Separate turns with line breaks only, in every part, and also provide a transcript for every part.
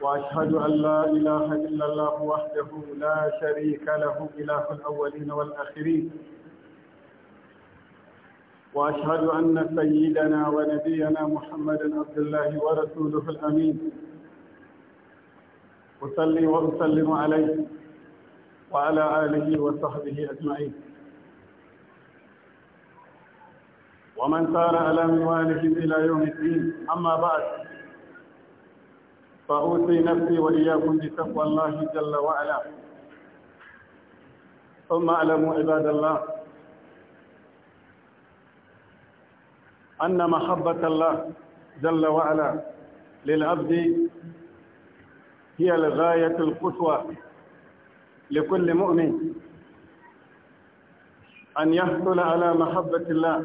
وأشهد أن لا إله إلا الله وحده لا شريك له إله الأولين والآخرين وأشهد أن سيدنا ونبينا محمدا عبد الله ورسوله الأمين أصلي وأسلم عليه وعلى آله وصحبه أجمعين ومن سار على منواله إلى يوم الدين أما بعد فأوصي نفسي وإياكم بتقوى الله جل وعلا ثم اعلموا عباد الله أن محبة الله جل وعلا للعبد هي الغاية القصوى لكل مؤمن أن يحصل على محبة الله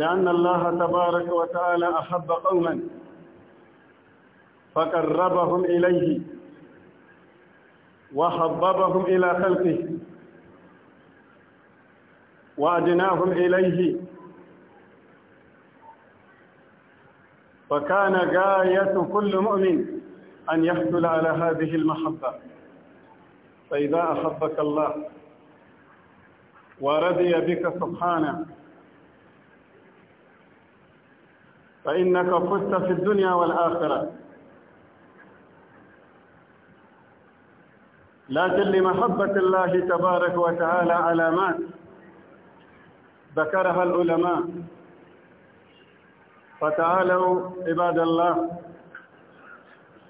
لأن الله تبارك وتعالى أحب قوما فقربهم إليه وحببهم إلى خلقه وأدناهم إليه فكان غاية كل مؤمن أن يحصل على هذه المحبة فإذا أحبك الله ورضي بك سبحانه فإنك فزت في الدنيا والآخرة لكن لمحبة الله تبارك وتعالى علامات ذكرها العلماء فتعالوا عباد الله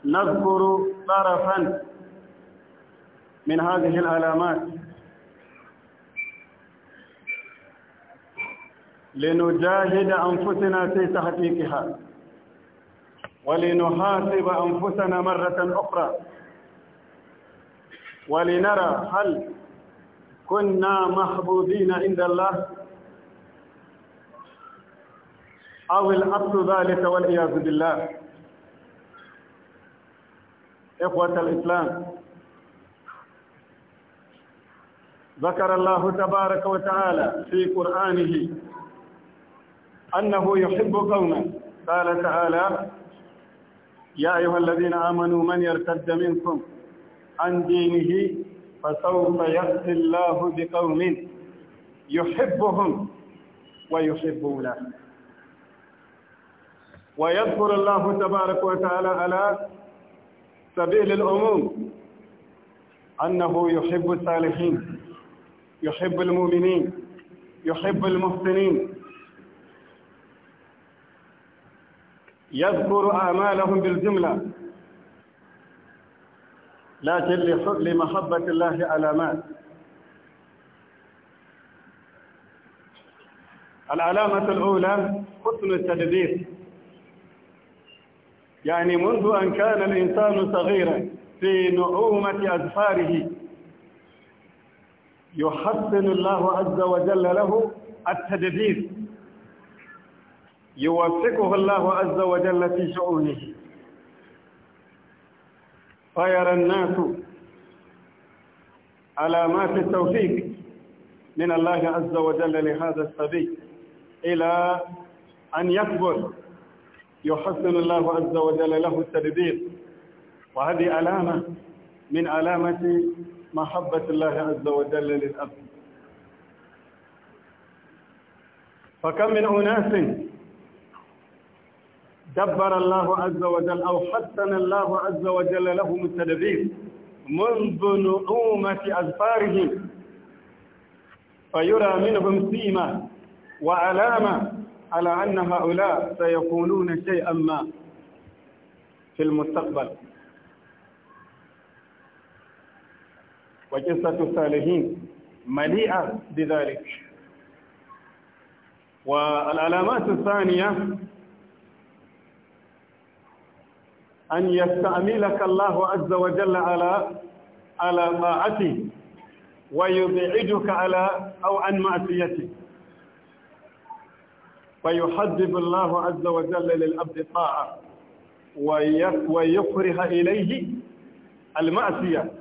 نذكر طرفا من هذه العلامات لنجاهد أنفسنا في تحقيقها ولنحاسب أنفسنا مرة أخرى ولنرى هل كنا محبوبين عند الله أو الأبد ذلك والعياذ بالله إخوة الإسلام ذكر الله تبارك وتعالى في قرآنه أنه يحب قوما قال تعالى يا أيها الذين آمنوا من يرتد منكم عن دينه فسوف يأتي الله بقوم يحبهم ويحبونه ويذكر الله تبارك وتعالى على سبيل العموم أنه يحب الصالحين يحب المؤمنين يحب المحسنين يذكر آمالهم بالجملة لكن لمحبة الله علامات العلامة الأولى حسن التدبير يعني منذ أن كان الإنسان صغيرا في نعومة أزفاره يحسن الله عز وجل له التدبير يوفقه الله عز وجل في شؤونه فيرى الناس علامات التوفيق من الله عز وجل لهذا الصبي إلى أن يكبر يحسن الله عز وجل له التدبير وهذه علامة من علامة محبة الله عز وجل للأب فكم من أناس دبر الله عز وجل أو حسن الله عز وجل لهم التدبير منذ نعومة أظفارهم فيرى منهم سيمة وعلامة على أن هؤلاء سيقولون شيئا ما في المستقبل وجسة الصالحين مليئة بذلك والعلامات الثانية أن يستعملك الله عز وجل على على طاعته ويبعدك على أو عن معصيته فيحذب الله عز وجل للعبد الطاعة ويكره إليه المعصية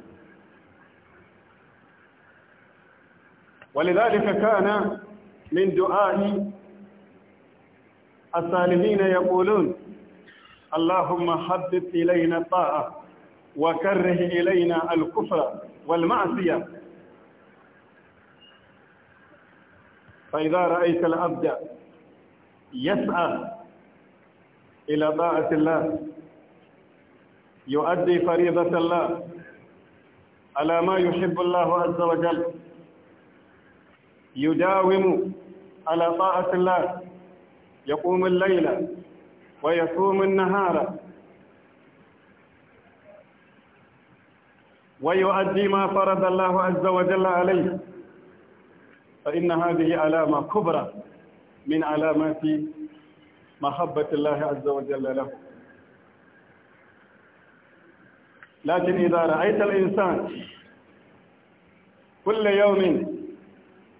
ولذلك كان من دعاء الصالحين يقولون اللهم حبب إلينا الطاعة وكره إلينا الكفر والمعصية فإذا رأيت العبد يسعى إلى طاعة الله يؤدي فريضة الله على ما يحب الله عز وجل يداوم على طاعة الله يقوم الليل ويصوم النهار ويؤدي ما فرض الله عز وجل عليه فإن هذه علامة كبرى من علامات محبة الله عز وجل له لكن إذا رأيت الإنسان كل يوم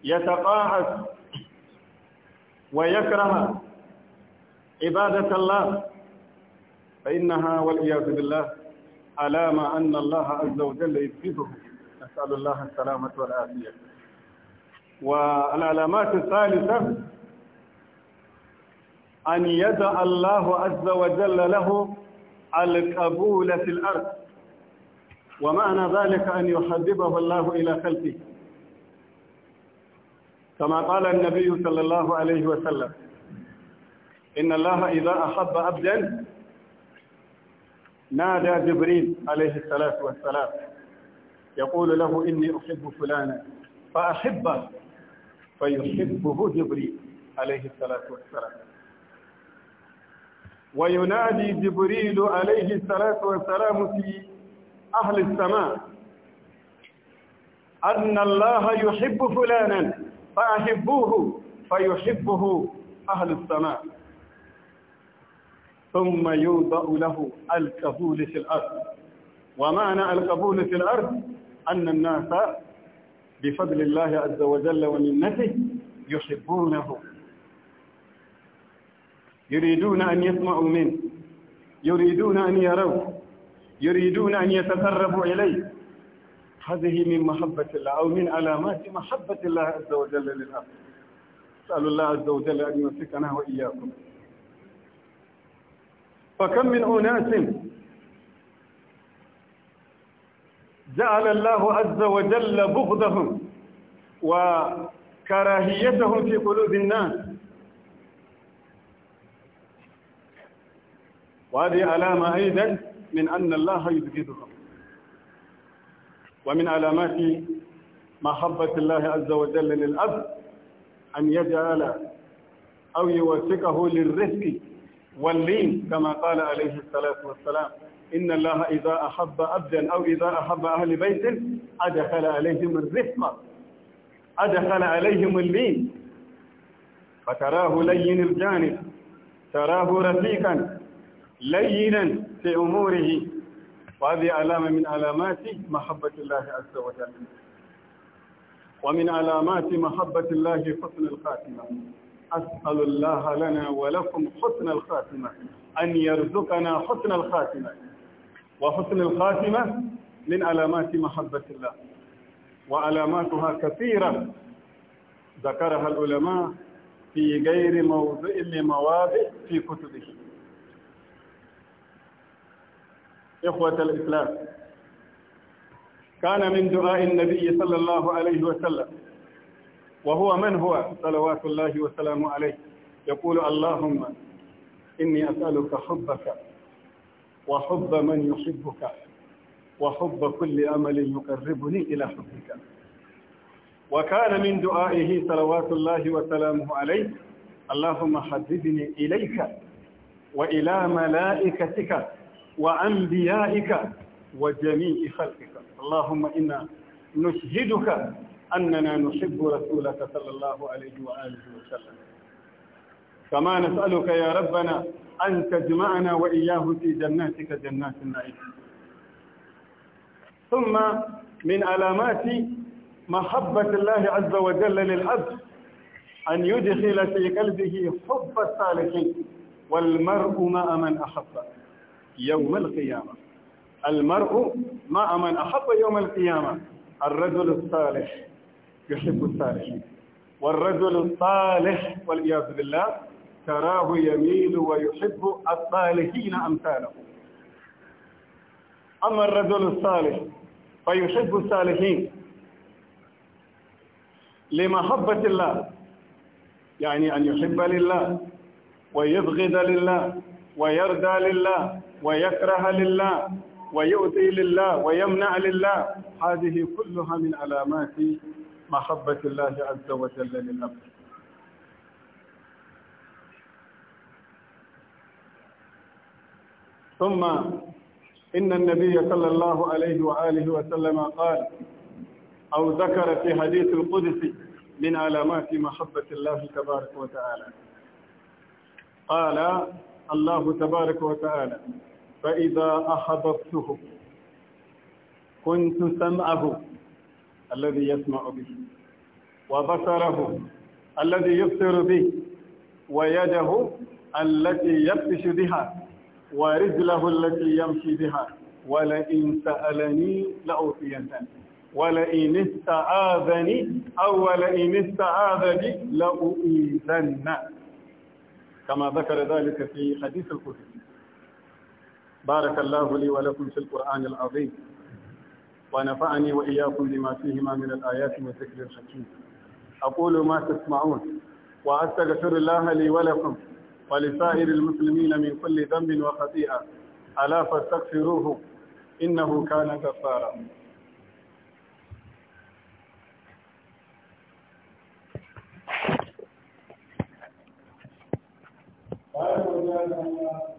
يتقاعس ويكره عبادة الله فإنها والعياذ بالله علامة أن الله عز وجل يبغضه نسأل الله السلامة والعافية والعلامات الثالثة أن يدع الله عز وجل له القبول في الأرض ومعنى ذلك أن يحببه الله إلى خلفه كما قال النبي صلى الله عليه وسلم إن الله إذا أحب عبدا نادى جبريل عليه الصلاة والسلام يقول له إني أحب فلانا فأحبه فيحبه جبريل عليه الصلاة والسلام وينادي جبريل عليه الصلاة والسلام في أهل السماء أن الله يحب فلانا فأحبوه فيحبه أهل السماء ثم يوضع له القبول في الأرض ومعنى القبول في الأرض أن الناس بفضل الله عز وجل ومنته يحبونه يريدون أن يسمعوا منه يريدون أن يروه يريدون أن يتقربوا إليه هذه من محبة الله أو من علامات محبة الله عز وجل للأرض نسأل الله عز وجل أن يمسكنا وإياكم فكم من أناس جعل الله عز وجل بغضهم وكراهيتهم في قلوب الناس وهذه علامة أيضا من أن الله يبغضهم ومن علامات محبة الله عز وجل للأب أن يجعل أو يوثقه للرزق واللين كما قال عليه الصلاة والسلام إن الله إذا أحب عبدا أو إذا أحب أهل بيت أدخل عليهم الرفق أدخل عليهم اللين فتراه لين الجانب تراه رفيقا لينا في أموره وهذه علامة من علامات محبة الله عز وجل ومن علامات محبة الله حسن الخاتمة أسأل الله لنا ولكم حسن الخاتمة أن يرزقنا حسن الخاتمة وحسن الخاتمة من علامات محبة الله وعلاماتها كثيرة ذكرها العلماء في غير موضع لمواضع في كتبه إخوة الإسلام كان من دعاء النبي صلى الله عليه وسلم وهو من هو صلوات الله وسلامه عليه يقول اللهم إني أسألك حبك وحب من يحبك وحب كل أمل يقربني إلى حبك وكان من دعائه صلوات الله وسلامه عليه اللهم حببني إليك وإلى ملائكتك وأنبيائك وجميع خلقك اللهم إنا نشهدك أننا نحب رسولك صلى الله عليه وآله وسلم كما نسألك يا ربنا أن تجمعنا وإياه في جناتك جنات النعيم ثم من علامات محبة الله عز وجل للعبد أن يدخل في قلبه حب الصالحين والمرء ما من أحب يوم القيامة المرء ما من أحب يوم القيامة الرجل الصالح يحب الصالحين والرجل الصالح والعياذ بالله تراه يميل ويحب الصالحين أمثاله أما الرجل الصالح فيحب الصالحين لمحبة الله يعني أن يحب لله ويبغض لله ويرضى لله ويكره لله ويؤتي لله ويمنع لله هذه كلها من علامات محبة الله عز وجل للأبد ثم إن النبي صلى الله عليه وآله وسلم قال أو ذكر في حديث القدس من علامات محبة الله تبارك وتعالى قال الله تبارك وتعالى فإذا أحببته كنت سمعه الذي يسمع به وبصره الذي يبصر به ويده التي يبتش بها ورجله التي يمشي بها ولئن سألني لأوفينه ولئن استعاذني أو ولئن استعاذني لأؤيذن كما ذكر ذلك في حديث القدس بارك الله لي ولكم في القرآن العظيم ونفعني وإياكم بما فيهما من الآيات والذكر الحكيم أقول ما تسمعون وأستغفر الله لي ولكم ولسائر المسلمين من كل ذنب وخطيئة ألا فاستغفروه إنه كان غفارا Thank you.